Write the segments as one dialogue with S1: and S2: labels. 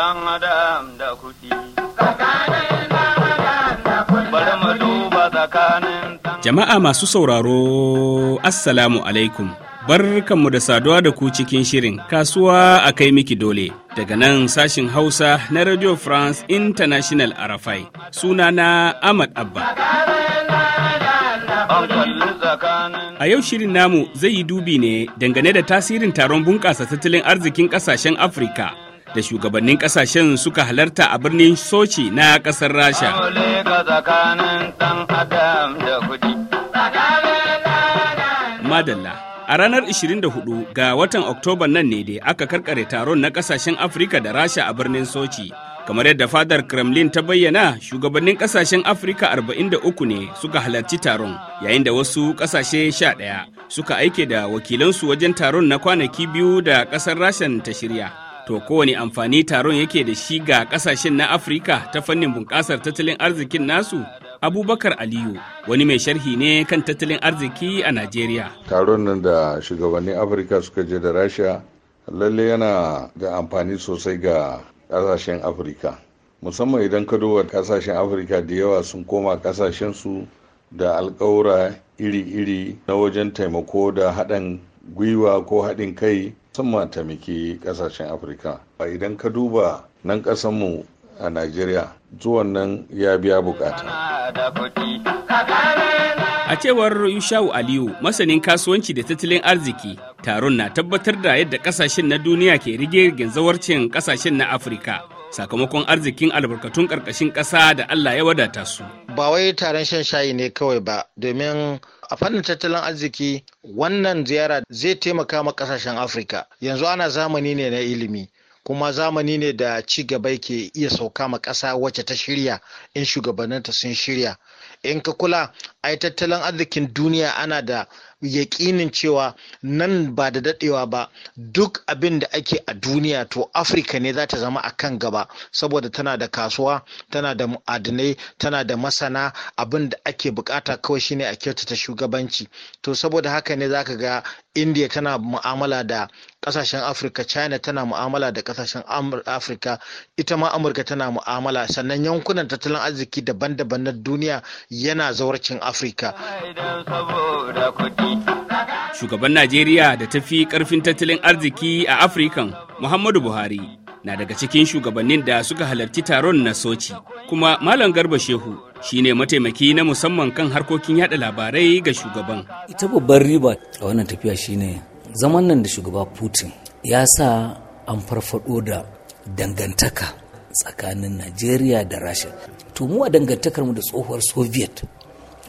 S1: dan adam da Jama'a masu sauraro, Assalamu alaikum. Barkanmu da saduwa da ku cikin shirin kasuwa a kai miki dole daga nan sashin Hausa na Radio France International Arafai na Ahmad Abba. A yau shirin namu zai yi dubi ne dangane da tasirin taron bunƙasa tattalin arzikin ƙasashen Afirka da shugabannin kasashen suka halarta a birnin sochi na kasar rasha madalla a ranar 24 ga watan oktoba nan ne dai aka karkare taron na kasashen afirka da rasha a birnin sochi kamar yadda fadar kremlin ta bayyana shugabannin kasashen afirka 43 ne suka halarci taron yayin da wasu kasashe 11 suka aike da wakilansu wajen taron na kwanaki biyu da kasar rashan ta shirya To kowane amfani taron yake da shi ga kasashen na Afirka ta fannin bunƙasar tattalin arzikin nasu? Abubakar Aliyu wani mai sharhi ne kan tattalin arziki a Najeriya.
S2: Taron nan da shugabannin Afirka suka je da Rasha lalle yana da amfani sosai ga kasashen Afirka. Musamman idan ka duba kasashen Afirka da yawa sun koma kasashensu da alkawura iri-iri na wajen taimako da haɗin gwiwa ko haɗin kai sun matamaki ƙasashen afirka idan ka duba nan ƙasanmu a najeriya zuwan nan ya biya bukata
S1: a cewar yushau aliyu masanin kasuwanci da tattalin arziki taron na tabbatar da yadda kasashen na duniya ke rige-rigen zawarcin kasashen na afirka sakamakon arzikin albarkatun ƙarƙashin ƙasa da allah ya wadata su
S3: ba wai taron shan shayi ne kawai ba domin a fannin tattalin arziki wannan ziyara zai taimaka ma kasashen afirka yanzu ana zamani ne na ilimi kuma zamani ne da ci gaba ke iya sauka ma ƙasa wacce ta shirya in shugabanninta sun shirya in ka kula ai tattalin arzikin duniya ana da yaƙinin cewa nan ba da daɗewa ba duk abin da ake a duniya to afirka ne za ta zama a kan gaba saboda tana da kasuwa tana da mu'adinai tana da masana abin da ake bukata kawai shine a kyautata shugabanci to saboda haka ne za ka ga Indiya tana mu'amala da kasashen afirka china tana mu'amala da kasashen afirka ita ma amurka tana mu'amala sannan yankunan tattalin arziki daban-daban na duniya yana zauracin afirka
S1: Shugaban Najeriya da ta fi ƙarfin tattalin arziki a Afirka Muhammadu Buhari, na daga cikin shugabannin da suka halarci taron na soci, kuma Malam Garba Shehu shi ne mataimaki na musamman kan harkokin yada labarai ga shugaban.
S4: Ita babban riba a wannan tafiya shine zaman nan da shugaba Putin ya sa an farfaɗo da dangantaka tsakanin Najeriya da Rasha. To mu a dangantakar mu da tsohuwar Soviet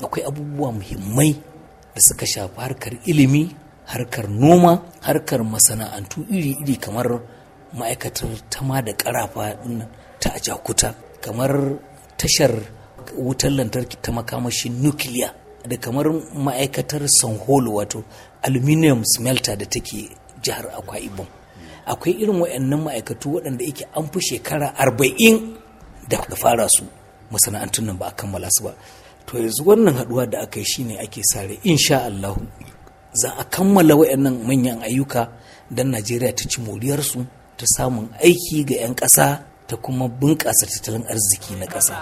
S4: akwai abubuwa muhimmai da suka shafi harkar ilimi harkar noma harkar masana'antu iri-iri kamar ma'aikatar tama da karafa ta ajakuta kamar tashar wutar lantarki ta makamashin nukiliya da kamar ma'aikatar sanholo wato aluminium smelter da take jihar akwa ibom akwai irin waɗannan ma'aikatu waɗanda yake an fi shekara arba'in da fara su masana'antun nan ba a kammala su ba to yanzu wannan haduwa da aka yi shine ake sare insha Allah za a kammala wayannan manyan ayyuka dan Najeriya ta ci moriyar su ta samun aiki ga 'yan ƙasa ta kuma bunƙasa tattalin arziki na ƙasa.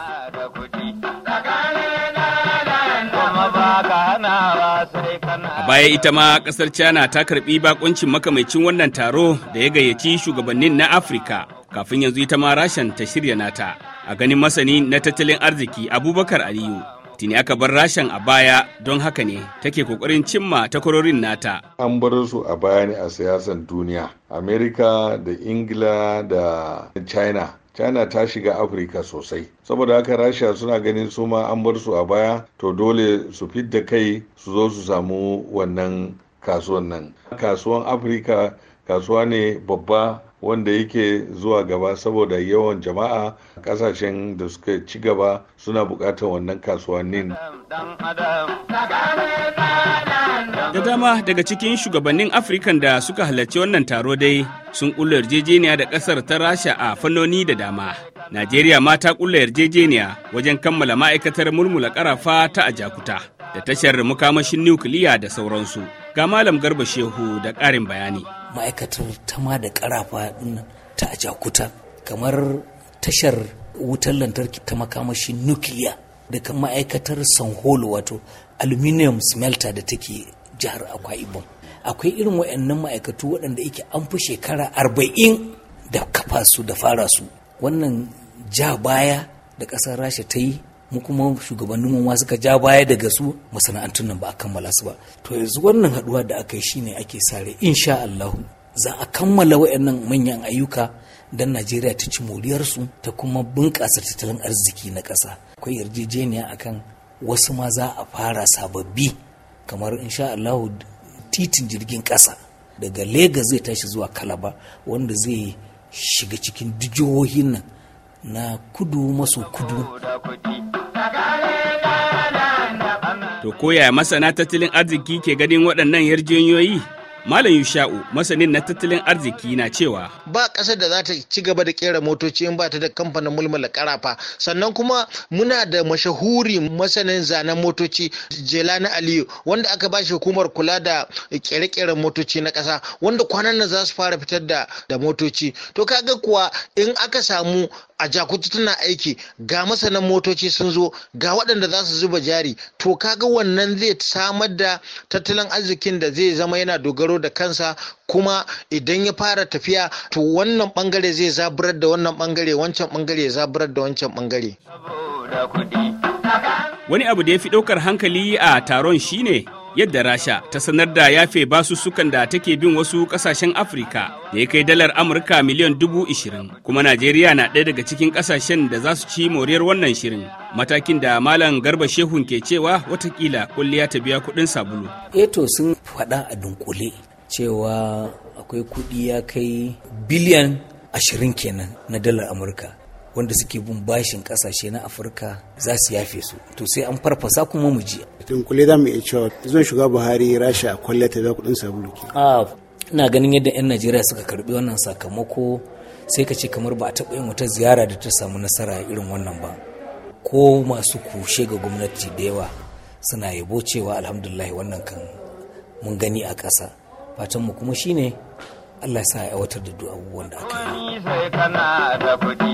S1: A baya ita ma ƙasar China ta karɓi bakuncin makamaicin wannan taro da ya gayyaci shugabannin na Afirka kafin yanzu ita ma rashin ta shirya nata. A ganin masani na tattalin arziki Abubakar Aliyu tuni aka bar rashin a baya don haka ne take kokarin cimma takwarorin nata
S2: an bar su a baya ne a siyasan duniya amerika da ingila da china china ta shiga afirka sosai saboda haka rasha suna ganin su ma an bar su a baya to dole su fidda kai su zo su samu wannan kasuwan nan kasuwan afirka kasuwa ne babba wanda yake zuwa gaba saboda yawan jama'a kasashen da suka ci gaba suna bukatar wannan kasuwannin. Da dama daga cikin shugabannin
S1: Afirkan da suka halarci wannan taro dai sun kulla yarjejeniya da kasar ta Rasha a fannoni da dama. Najeriya ma ta kulla yarjejeniya wajen kammala ma'aikatar mulmula karafa ta Ajakuta da tashar mukamashin nukiliya da sauransu. Ga Malam Garba Shehu
S4: da karin bayani. ma'aikatar ta ma da karafa ta a jakuta kamar tashar wutar lantarki ta makamashi nukiliya da kan ma'aikatar sanholo wato aluminium smelter da take jihar akwa ibom akwai irin waɗannan ma'aikatu waɗanda yake an fi shekara arba'in da kafa su da fara su wannan ja baya da ƙasar rasha ta yi mu kuma shugabannin mu suka ja baya daga su masana'antun nan ba a kammala su ba to yanzu wannan haduwa da aka yi shine ake sare insha Allah za a kammala wayannan manyan ayyuka dan Najeriya ta ci moriyarsu ta kuma bunƙasa tattalin arziki na ƙasa akwai yarjejeniya akan wasu ma za a fara sababbi kamar insha Allah titin jirgin ƙasa daga Legas zai tashi zuwa Kalaba wanda zai shiga cikin jihohin nan na kudu maso kudu
S1: To koya masana tattalin arziki ke ganin waɗannan yarjejeniyoyi? Malam Yusha'u masanin na tattalin arziki na cewa
S3: ba ƙasar da za ta ci gaba da ƙera motoci in ba ta da kamfanin mulmula karafa sannan kuma muna da mashahuri masanin zanen motoci Jelani Aliyu wanda aka ba shi hukumar kula da kere-keren motoci na ƙasa wanda kwanan nan za su fara fitar da da motoci to kaga kuwa in aka samu a jakutu tana aiki ga masanan motoci sun zo ga waɗanda za su zuba jari to kaga wannan zai samar da tattalin arzikin da zai zama yana dogaro da kansa kuma idan ya fara tafiya to wannan bangare zai zaburar da wannan bangare wancan bangare ya zaburar da wancan bangare
S1: wani abu da ya fi ɗaukar hankali a taron shine yadda rasha ta sanar da yafe basussukan da take bin wasu kasashen afirka da ya kai dalar amurka miliyan dubu ishirin kuma najeriya na ɗaya daga cikin kasashen da za su ci moriyar wannan shirin matakin da malam garba shehun ke cewa watakila kulliya ta biya kuɗin sabulu
S4: eto eh sun faɗa a dunkule cewa akwai kuɗi ya kai biliyan ashirin kenan na dalar amurka wanda suke bin bashin kasashe na afirka za su yafe su to sai an farfasa
S3: kuma mu ji tunkule za mu iya cewa zan shiga buhari rasha ta za kudin sabulu ke
S4: a ina ganin yadda yan najeriya suka karbi wannan sakamako sai ka ce kamar ba a taɓa yin wata ziyara da ta samu nasara irin wannan ba ko masu kushe ga gwamnati da yawa suna yabo cewa alhamdulillah wannan kan mun gani a ƙasa fatanmu kuma shine allah sa ya aiwatar da duk abubuwan da aka
S2: yi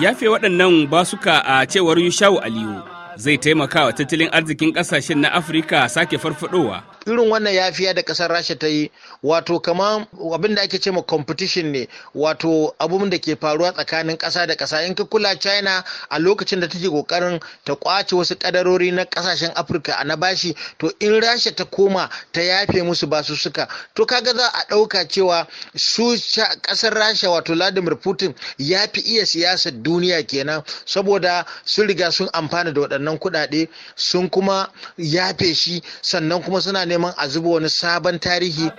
S1: yafe waɗannan ba basuka a cewar Yushau Aliyu zai taimaka wa tattalin arzikin kasashen na afirka sake farfadowa
S3: irin wannan yafiya da kasar rasha ta yi wato kama abin da ake ce ma competition ne wato abun da ke faruwa tsakanin kasa da kasa in ka kula china a lokacin da take kokarin ta kwace wasu kadarori na kasashen afirka a na bashi to in rasha ta koma ta yafe musu basu suka to kaga za a ɗauka cewa su kasar rasha wato vladimir putin ya fi iya siyasar duniya kenan saboda sun riga sun amfana da waɗannan waɗannan kuɗaɗe sun kuma yafe shi sannan kuma suna neman a zuba wani sabon tarihi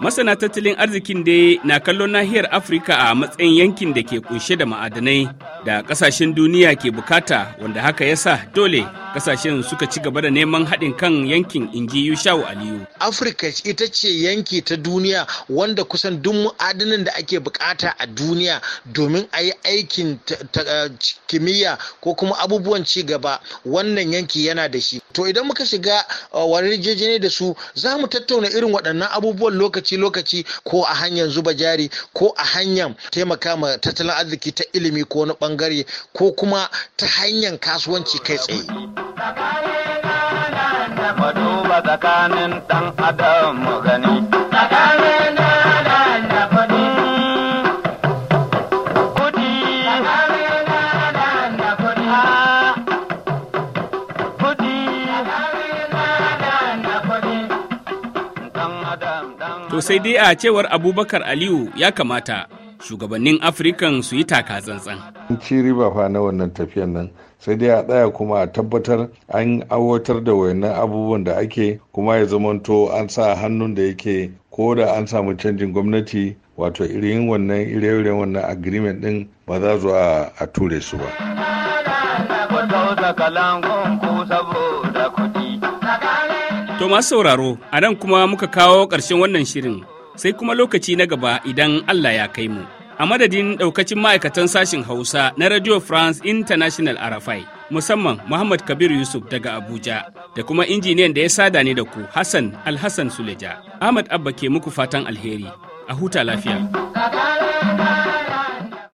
S1: masana tattalin arzikin dai na kallon nahiyar afirka a matsayin yankin da ke kunshe da ma'adanai da ƙasashen duniya ke bukata wanda haka yasa dole ƙasashen suka ci gaba da neman haɗin kan yankin inji Yushawu aliyu
S3: afirka ita ce yanki ta duniya wanda kusan duk mu'adanin da ake bukata a duniya domin a yi aikin eh, kimiyya ko kuma abubuwan ci gaba wannan yanki yana da shi to idan muka shiga uh, warjejene da su za mu tattauna irin waɗannan abubuwan lokaci-lokaci ko a hanyar zuba jari ko a hanyar taimaka ma tattalin arziki ta ilimi ko wani ɓangare ko kuma ta hanyar kasuwanci kai tsaye. tsakanin ɗan
S1: To sai dai a cewar Abubakar Aliyu ya kamata shugabannin Afirkan su yi taka tsantsan.
S2: Ci riba fa na wannan tafiyan nan sai dai a tsaya kuma a tabbatar an awatar da wayannan abubuwan da ake kuma ya zamanto an sa hannun da yake ko da an samu canjin gwamnati wato irin wannan ire wannan agreement din ba za zuwa a ture su ba.
S1: masu sauraro, a nan kuma muka kawo ƙarshen wannan shirin, sai kuma lokaci na gaba idan Allah ya kai mu. A madadin ɗaukacin ma'aikatan sashin Hausa na Radio France International Arafai, musamman Muhammad Kabir Yusuf daga Abuja, da kuma injiniyan da ya sada ne da ku Hassan Alhassan Suleja. Ahmad Abba ke muku fatan alheri, a huta lafiya.